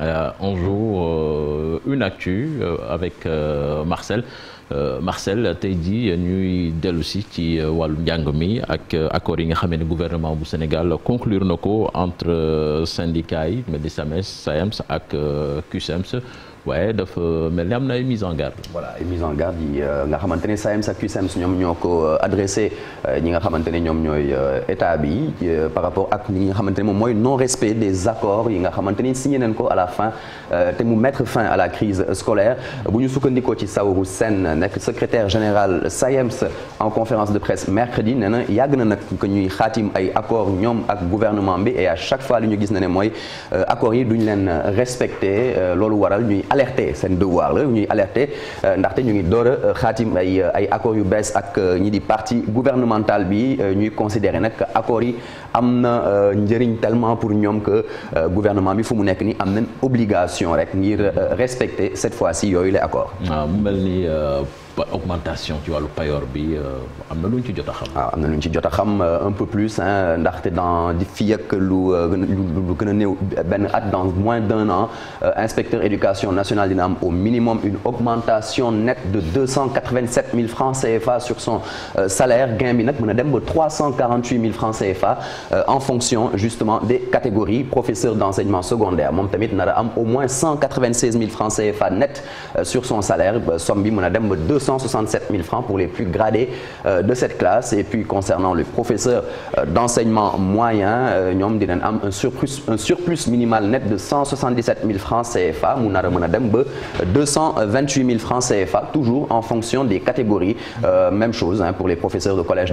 Euh, on joue euh, une actu euh, avec Marcel Marcel tey jii ñuy dellu si ci wàllu njàng mi ak accord yi nga xam ne gouvernement bu Sénégal conclure na ko entre syndicats yi mais di SAMES SAEMS ak CUSEMS waaye dafa euh, mel ni am na ay mise en garde. voilà ay mise en garde yi euh, nga xamante ne SAEMS ñoom ñoo ko euh, adressé ñi nga xamante ne ñoom ñooy état bi par rapport ak ñi nga xamante ne moom mooy non respect des accords yi nga xamante ni signé nañ ko à la fin te mu mettre fin à la crise scolaire bu ñu sukkandikoo ci Saourou seen nekk secretaire général SAEMS en conférence de presse mercredi nee na yàgg na nag que ñuy xaatim ay accords ñoom ak gouvernement bi et à chaque fois li ñu gis na ne mooy accords yi duñ leen respecté loolu waral ñuy alerter seen devoir la ñuy alerte euh, ndaxte ñu ngi door a euh, xaatim ay euh, ay accords yu bees ak ñi di parti gouvernemental bi ñuy considérer nag accords yi am na euh, njëriñ tellement pour ñoom euh, gouvernement bi fu mu nekk ni am nañ obligation rek ngir euh, respecter cette fois-ci yooyu les accords. waaw ah, mu mel ni augmentation ci wàllu payoor bi am na lu ci jot a xam. waaw ah, am na lu ñu ci jot a xam un peu ndaxte dans di fii ak lu lu gën a néew benn at dans moins d'un an inspecteur éducation nationale am au minimum une augmentation nette de 287 000 francs CFA sur son salaire gain bi nag mën a dem ba 348 000 francs CFA. Euh, en fonction justement des catégories professeur d'enseignement secondaire moom tamit nar a am au moins 196 000 francs CFA net euh, sur son salaire somme bi a dem ba 267 000 francs pour les plus gradés euh, de cette classe et puis concernant les professeurs d'enseignement moyen a mën a dem ba 228 000 francs CFA toujours en fonction des catégories même chose pour les professeurs de collège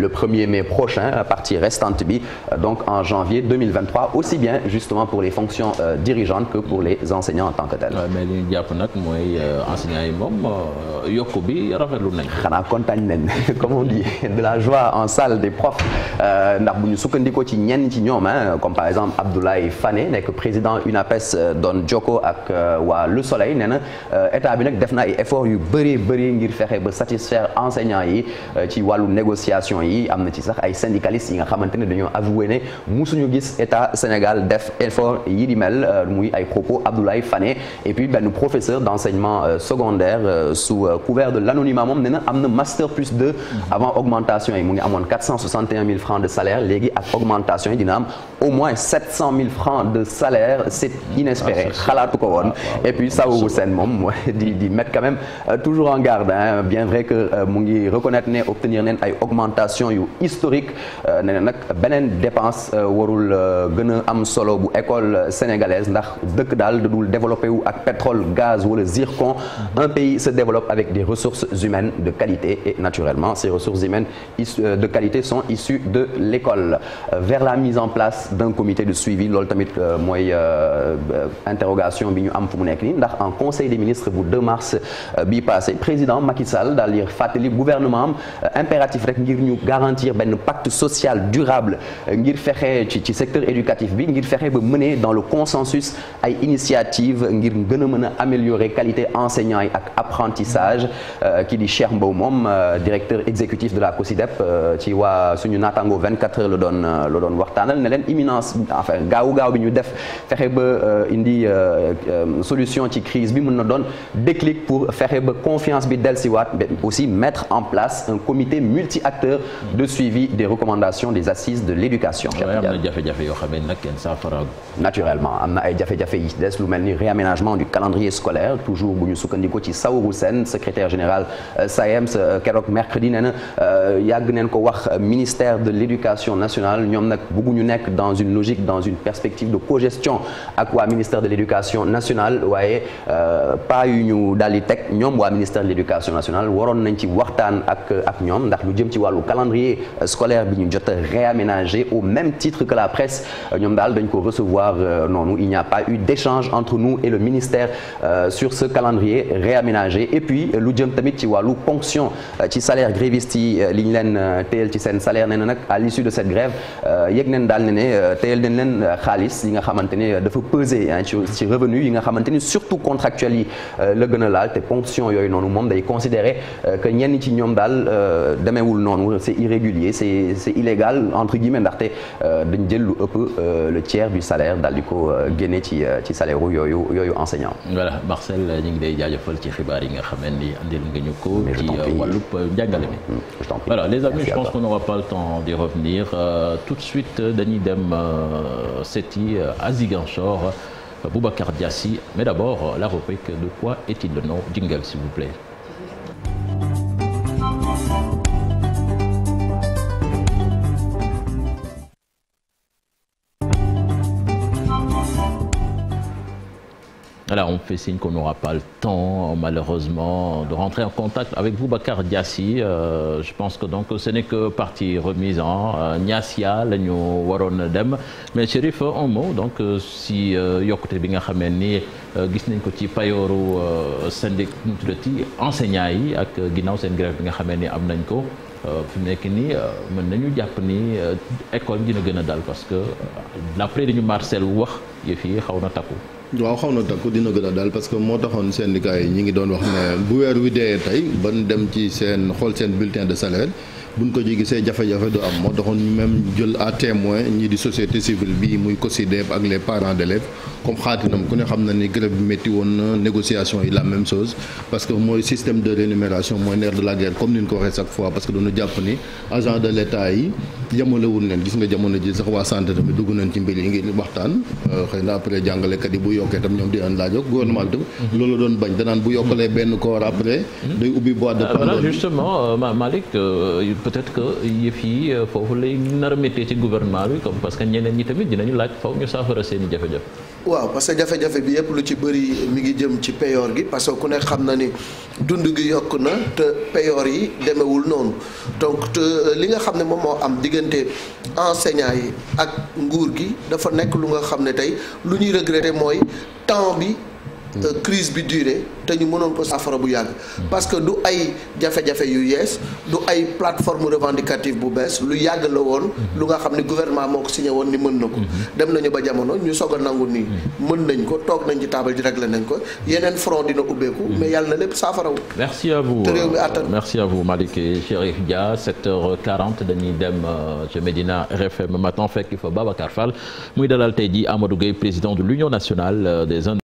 le 1er mai prochain, à partie restante bi, euh, donc en janvier 2023, aussi bien justement pour les fonctions euh, dirigeantes que pour les enseignants en tant que tels. mais li ñu jàpp nag mooy euh, enseignants yi moom yokku bi rafetlu nañ. xanaa kontaan nañ comme on dit de la joie en salle des profs ndax bu ñu sukkandikoo ci ñenn ci ñoom comme par exemple Abdoulaye Fane nekk président UNAPES doon jokko ak waa Le Soleil nee na état bi nag def na ay efforts yu bëree bëri ngir fexe ba satisfaire enseignants yi ci wàllu négociation yi. yi am na ci sax ay syndicalistes yi nga xamante ne dañoo avoué ne musuñu gis état Sénégal def effort yi di mel euh, muy ay propos Abdoulaye Fane et puis benn professeur d'enseignement euh, secondaire euh, sous couvert de l'anonymat moom nee na am na master plus 2 avant augmentation yi mu ngi amoon 461 000 francs de salaire léegi ak augmentation yi dina am au moins 700 000 francs de salaire c'est inespéré ah, xalaatu ko woon ah, et puis Saourou Sène moom di di mettre quand même toujours en garde hein bien vrai que mu ngi reconnaître ne obtenir neen ay augmentation révélation yu historique euh, nee na nag beneen dépense euh, warul euh, gën a am solo bu école sénégalaise ndax dëkk daal dadul développé wu ak pétrole gaz wala zircon un pays se développe avec des ressources humaines de qualité et naturellement ces ressources humaines de qualité sont issues de l'école vers la mise en place d'un comité de suivi loolu tamit mooy interrogation bi ñu am fu mu nekk nii ndax en conseil des ministres bu 2 mars pa passé président Macky garantir benn pacte social durable euh, ngir fexe ci ci secteur éducatif bi ngir fexe ba mener dans le consensus ay initiative ngir gën a mën a améliorer qualité enseignant yi ak apprentissage euh, kii di Cheikh Mbow moom euh, directeur exécutif de la COSIDEP ci waa suñu naataango 24 heures la doon la doon waxtaanal ne leen imminence enfin gaawu gaaw bi ñu def fexe ba indi solution ci crise bi mën na doon déclic fexe ba confiance bi dellusiwaat de suivi des recommandations des assises de l'éducation. am xam ne nag kenn saafara naturellement am na ay jafe yi lu mel ni réaménagement du calendrier scolaire toujours bu ñu sukkandiku ci Saourou Sène secrétaire général euh, SAEMS euh, keroog mercredi nee na euh, yàgg neen ko wax ministère de l'éducation nationale ñoom nag bëgguñu nekk dans une logique dans une perspective de cogestion ak ministère de l'éducation nationale waaye pas yu ñu daal di teg ñoom waa ministère de l'éducation nationale waroon nañ ci waxtaan ak ak ñoom ndax lu jëm ci wàllu calendrier calendrier euh, scolaire bi ñu jot a réaménagé au même titre que la presse euh, ñoom daal dañ ko recevoir euh, noonu il n'y a pas eu d'échange entre nous et le ministère sur ce calendrier réaménagé et puis lu jëm tamit ci wàllu ponction ci salaire gréviste yi li ñu leen teel ci seen salaire nee na nag à l'issue de cette grève yëg neen daal ne ne teel nañ leen xaalis yi nga xamante ne dafa peser ci revenu yi nga xamante ni surtout contractuels yi la gën a laal te ponction yooyu noonu moom day considérer que ñenn ci ñoom daal demeewul noonu c'est irrégulier c'est c'est illégal entre guillemets ndaxte euh, dañ jël lu ëpp euh, le tiers du salaire daal di ko euh, génne ci ci salaire yooyu yooyu enseignant voilà Marcel ñu ngi lay jaajëfal ci xibaar yi nga xamee ni andil nga ñu ko ci wàllub njàngale mi mm, voilà les amis je pense qu'on n'aura pas le temps d'y revenir tout de suite dañuy dem seeti à Ziguinchor Boubacar Diassi mais d'abord la rubrique de quoi est-il le nom jingle s'il vous plaît Voilà, on fait signe qu'on n'aura pas le temps, malheureusement, de rentrer en contact avec vous, Bakar Diassi. Euh, je pense que donc ce n'est que partie remise en euh, Niassia, la ñu waroon dem mais Chérif un mot donc euh, si euh, yokkute bi nga xamee ni gis nañ ko ci payooru syndic nu tuddati enseignants yi ak ginnaaw seen grève bi nga xamee ni am nañ ko fi mu nekk nii mën nañu jàpp ni école dina gën a dal parce que d'après dañu Marcel wax yëf yi xaw na takku. waaw xaw na takku dina gën daal parce que moo taxoon syndicat yi ñi ngi doon wax ne bu weer wi deeyee tey ban dem ci seen xool seen bulletin de salaire buñ ko ci gisee jafe-jafe du am moo taxoon même jël à témoin ñii di société civile bi muy COSYDEP ak les parents d'élèves comme xaatinam ku ne xam na ni grève bi woon négociation yi la même chose parce que mooy système de rémunération mooy nerf de la guerre comme ni ko waxee chaque fois parce que dañu jàpp ni agent de l'État yi yemalewul leen gis nga jamono ji sax waa santé tamit dugg nañ ci mbir yi ngir waxtaan euh, xëy na après jàngalekat bu yokkee tam ñoom di peut-être que yëf yi euh, foofu lay nar a méttee ci gouvernement bi comme parce que ñeneen ñi tamit dinañu laaj faw ñu saafara seen i jafe-jafe. waaw parce que jafe-jafe bi yëpp lu ci bëri mi ngi jëm ci payoor gi parce que ku ne xam na ni dund gi yokk na te payoor yi demewul noonu donc te euh, li nga xam ne moom moo am diggante enseignants yi ak nguur gi dafa nekk lu nga xam ne tey lu ñuy regretter mooy temps bi. Euh, crise bi duré te ñu mënoon ko saafara bu yàgg parce que du ay jafe-jafe yu yees du ay plateforme revendicative bu bees lu yàgg la woon lu nga xam ne gouvernement moo ko signé woon nii mën na ko dem nañu ba jamono ñu soog a nangu nii mën nañ ko toog nañ ci taabal ji réglé nañ ko yeneen front dina ubbeeku mais yàlla na lépp saafarawu merci à vous te réew mi attan merci à vous Malick et Chérif Dia dañuy dem euh, ci Médina ma matin fekk fa Babacar Fall muy dalal tey ji Amadou Gueye président de l'Union euh, des